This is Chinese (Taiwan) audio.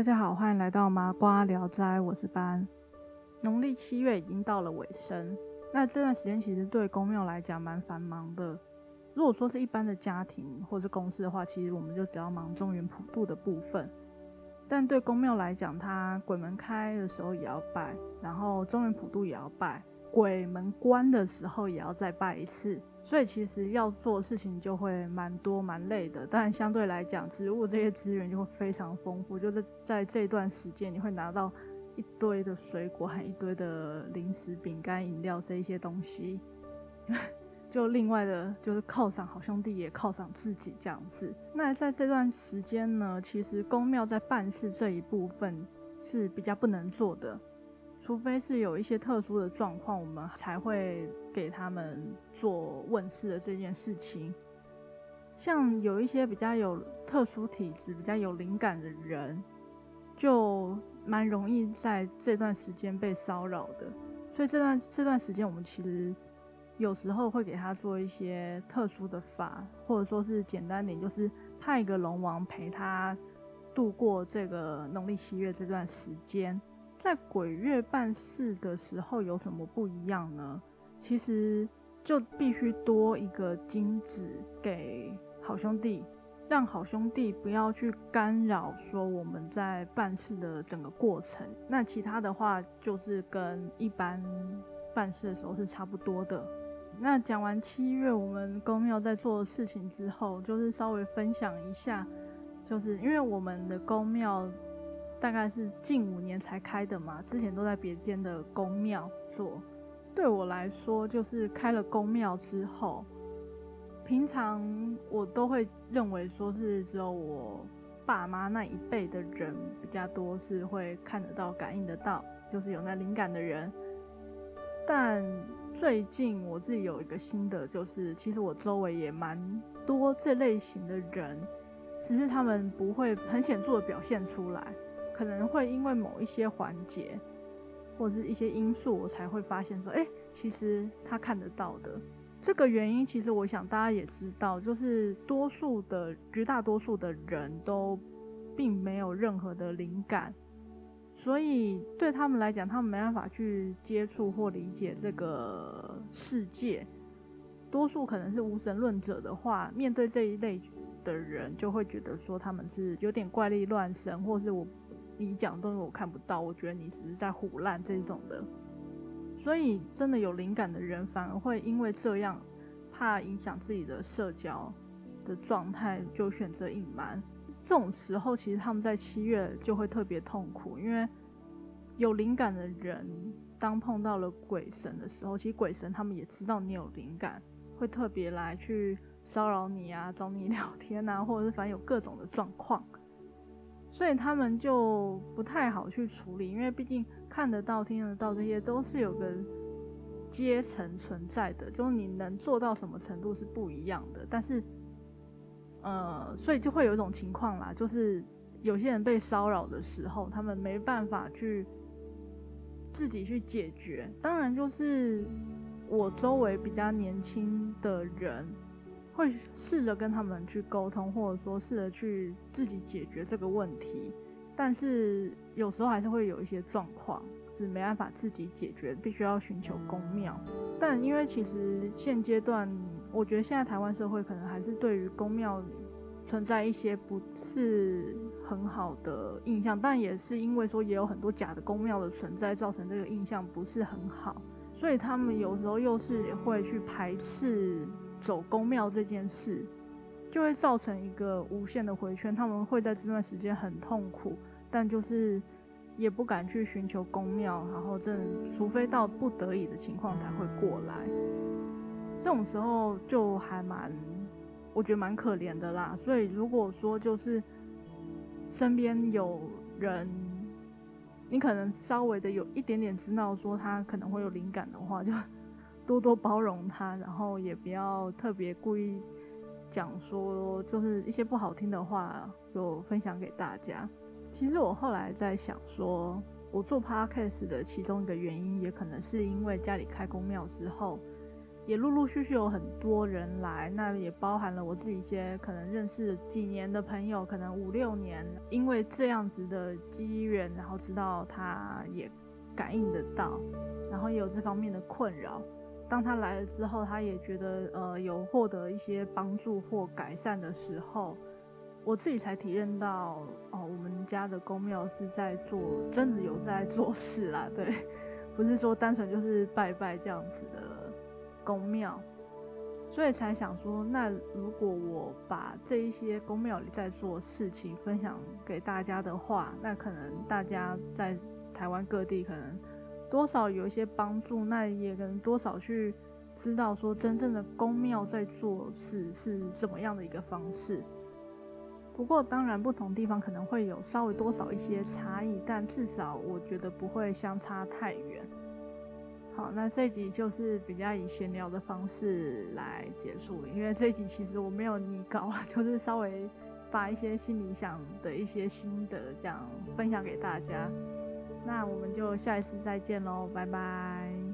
大家好，歡迎來到麻瓜聊齋，我是班。農曆七月已經到了尾聲，那這段時間其實對宮廟來講蠻繁忙的。如果說是一般的家庭或是公司的話，其實我們就只要忙中元普渡的部分。但對宮廟來講，它鬼門開的時候也要拜，然後中元普渡也要拜，鬼門關的時候也要再拜一次。所以其實要做的事情就會蠻多蠻累的，但相對來講，植物這些資源就會非常豐富。就是在這段時間你會拿到一堆的水果，還一堆的零食、餅乾、飲料這一些東西。 就另外的，就是犒賞好兄弟，也犒賞自己這樣子。那在這段時間呢，其實宮廟在辦事這一部分是比較不能做的。除非是有一些特殊的狀況，我們才會給他們做問事的這件事情。像有一些比較有特殊體質、比較有靈感的人，就蠻容易在這段時間被騷擾的。所以這段這段時間，我們其實有時候會給他做一些特殊的法，或者說是簡單點，就是派一個龍王陪他度過這個農曆七月這段時間。在鬼月辦事的時候有什麼不一樣呢？其實就必須多一個金子給好兄弟，讓好兄弟不要去干擾說我們在辦事的整個過程。那其他的話就是跟一般辦事的時候是差不多的。那講完七月我們宮廟在做的事情之後，就是稍微分享一下，就是因為我們的宮廟。大概是近五年才開的嘛，之前都在別間的宮廟做。對我來說，就是開了宮廟之後，平常我都會認為說是只有我爸媽那一輩的人比較多是會看得到、感應得到，就是有那靈感的人。但最近我自己有一個心得，就是其實我周圍也蠻多這類型的人，只是他們不會很顯著的表現出來。可能會因為某一些環節，或是一些因素，我才會發現說，哎、欸，其實他看得到的這個原因，其實我想大家也知道，就是多數的絕大多數的人都並沒有任何的靈感，所以對他們來講，他們沒辦法去接觸或理解這個世界。多數可能是無神論者的話，面對這一類的人，就會覺得說他們是有點怪力亂神，或是我。你講的東西我看不到，我覺得你只是在唬爛這種的，所以真的有靈感的人反而會因為這樣，怕影響自己的社交的狀態，就選擇隱瞞。這種時候其實他們在七月就會特別痛苦，因為有靈感的人當碰到了鬼神的時候，其實鬼神他們也知道你有靈感，會特別來去騷擾你啊，找你聊天啊，或者是反正有各種的狀況。所以他們就不太好去處理，因為畢竟看得到、聽得到這些都是有個階層存在的，就你能做到什麼程度是不一樣的。但是，呃，所以就會有一種情況啦，就是有些人被騷擾的時候，他們沒辦法去自己去解決。當然，就是我周圍比較年輕的人。會試着跟他們去溝通，或者說試着去自己解決這個問題，但是有時候還是會有一些狀況，就是沒辦法自己解決，必須要尋求宮廟。但因為其實現階段，我覺得現在台灣社會可能還是對於宮廟存在一些不是很好的印象，但也是因為說也有很多假的宮廟的存在，造成這個印象不是很好，所以他們有時候又是會去排斥，走宮廟這件事，就會造成一個無限的回圈。他們會在這段時間很痛苦，但就是也不敢去尋求宮廟，然後正除非到不得已的情況才會過來。這種時候就還蠻，我覺得蠻可憐的啦。所以如果說就是身邊有人，你可能稍微的有一點點知道說他可能會有靈感的話，就。多多包容他，然後也不要特別故意講說，就是一些不好聽的話，就分享給大家。其實我後來在想說，說我做 podcast 的其中一個原因，也可能是因為家裡開公廟之後，也陸陸續續有很多人來，那也包含了我自己一些可能認識幾年的朋友，可能五六年，因為這樣子的機緣，然後知道他也感應得到，然後也有這方面的困擾。當他來了之後，他也覺得呃有獲得一些幫助或改善的時候，我自己才體驗到哦，我們家的宮廟是在做真的有在做事啦，對，不是說單純就是拜拜這樣子的宮廟，所以才想說，那如果我把這一些宮廟裡在做事情分享給大家的話，那可能大家在台灣各地可能。多少有一些幫助，那也可能多少去知道說真正的宮廟在做事是怎麼樣的一個方式。不過當然不同地方可能會有稍微多少一些差異，但至少我覺得不會相差太遠。好，那這一集就是比較以閒聊的方式來結束，因為這一集其實我沒有擬稿，就是稍微把一些心裡想的一些心得這樣分享給大家。那我們就下一次再見嘍，拜拜。